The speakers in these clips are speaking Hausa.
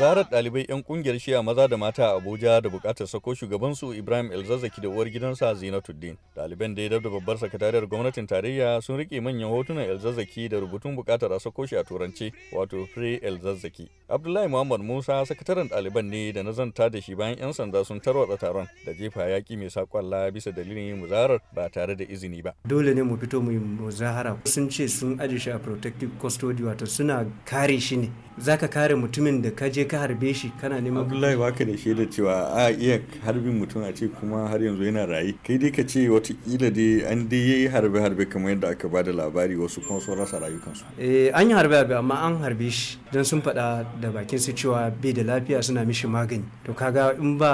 zarar ɗalibai 'yan kungiyar shiya maza da mata a Abuja da bukatar sako shugabansu Ibrahim elzazaki da uwar gidansa Zinatuddin. Ɗaliban da ya dabda babbar sakatariyar gwamnatin tarayya sun rike manyan hotunan elzazaki da rubutun bukatar a sako shi a turance wato Free Elzazaki. Abdullahi Muhammad Musa sakataren ɗaliban ne da na zanta da shi bayan 'yan sanda sun tarwatsa taron da jefa yaƙi mai sakwalla bisa dalilin yin muzarar ba tare da izini ba. Dole ne mu fito mu yi muzahara sun ce sun aje shi a protective custody wato suna kare shi ne za ka kare mutumin da ka je ka harbe shi kana neman abdullahi baka da shaida cewa a iya harbin mutum a ce kuma har yanzu yana rayu. kai dai ka ce watakila dai an dai yayi harbe harbe kamar yadda aka ba da labari wasu kuma sun rasa rayukansu eh an yi harbe harbe amma an harbe shi dan sun faɗa da bakin su cewa bai da lafiya suna mishi magani to kaga in ba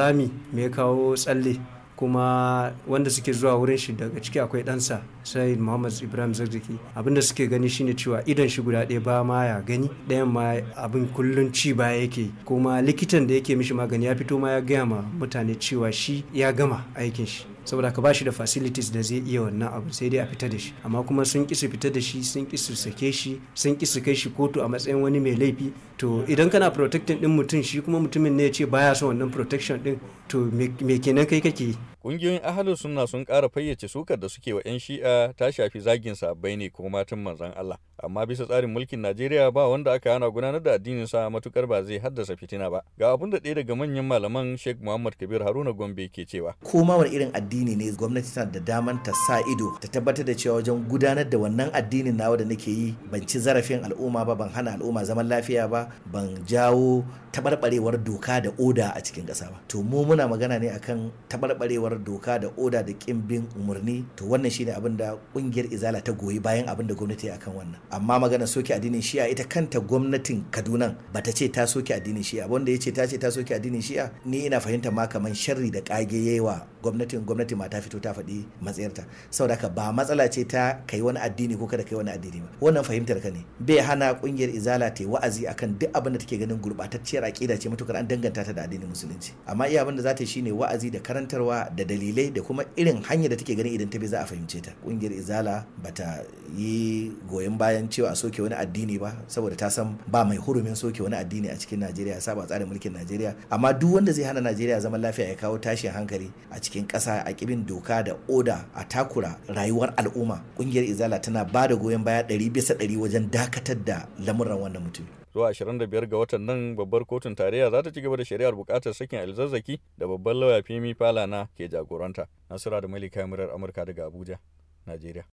rami me kawo tsalle kuma wanda suke zuwa wurin shi daga ciki akwai ɗansa sai muhammad ibrahim zarzaki abinda suke gani shine cewa idan shi guda ɗaya ba ma ya gani ɗayan ma abin kullun ci baya yake kuma likitan da yake mishi magani ya fito ma ya gaya ma mutane cewa shi ya gama aikin shi saboda ka bashi da facilities da zai iya wannan abu sai dai a fita da shi amma kuma sun kisu fita da shi sun ki su sake shi sun ki su kai shi kotu a matsayin wani mai laifi to idan kana protecting din mutum shi kuma mutumin ne ya ce baya son wannan protection din to me kenan kai kake yi kungiyoyin ahalin sunna sun ƙara fayyace sukar da suke wa 'yan shi'a ta shafi zagin sabbai ne ko matan manzan Allah amma bisa tsarin mulkin Najeriya ba wanda aka hana gudanar da addinin sa matukar ba zai haddasa fitina ba ga abin da ɗaya daga manyan malaman Sheikh Muhammad Kabir Haruna Gombe ke cewa ko wani irin addini addini ne gwamnati tana da daman ta sa ido ta tabbatar da cewa wajen gudanar da wannan addinin nawa da nake yi ban ci zarafin al'umma ba ban hana al'umma zaman lafiya ba ban jawo tabarbarewar doka da oda a cikin ƙasa ba to mu muna magana ne akan tabarbarewar doka da oda da kimbin umarni to wannan shine abin da kungiyar izala ta goyi bayan abin da gwamnati akan wannan amma magana soke addinin shi'a ita kanta gwamnatin kaduna bata ce ta soke addinin shi'a wanda ya ce ta ce ta soke addinin shi'a ni ina fahimta ma kaman sharri da kage yayi wa gwamnatin gwamnati ma ta fito ta faɗi matsayarta saboda haka ba matsala ce ta kai wani addini ko kada kai wani addini ba wannan fahimtar ka ne bai hana kungiyar izala ta yi wa'azi akan duk abin da take ganin gurbatacciyar aƙida ce matukar an danganta ta da addinin musulunci amma iya abin da za ta yi shine wa'azi da karantarwa da dalilai da kuma irin hanyar da take ganin idan ta bi za a fahimce ta kungiyar izala bata yi goyon bayan cewa a soke wani addini ba saboda ta san ba mai hurumin soke wani addini a cikin Najeriya saba tsarin mulkin Najeriya amma duk wanda zai hana Najeriya zaman lafiya ya kawo tashin hankali a cikin ƙasa a kibin doka da oda a takura rayuwar al'umma kungiyar izala tana ba da goyon baya ɗari bisa ɗari wajen dakatar da lamuran wannan mutum zuwa 25 ga watan nan babbar kotun tarayya za ta ci gaba da shari'ar bukatar sakin alzazzaki da babban lauya femi falana ke jagoranta nasura da malika murar amurka daga abuja najeriya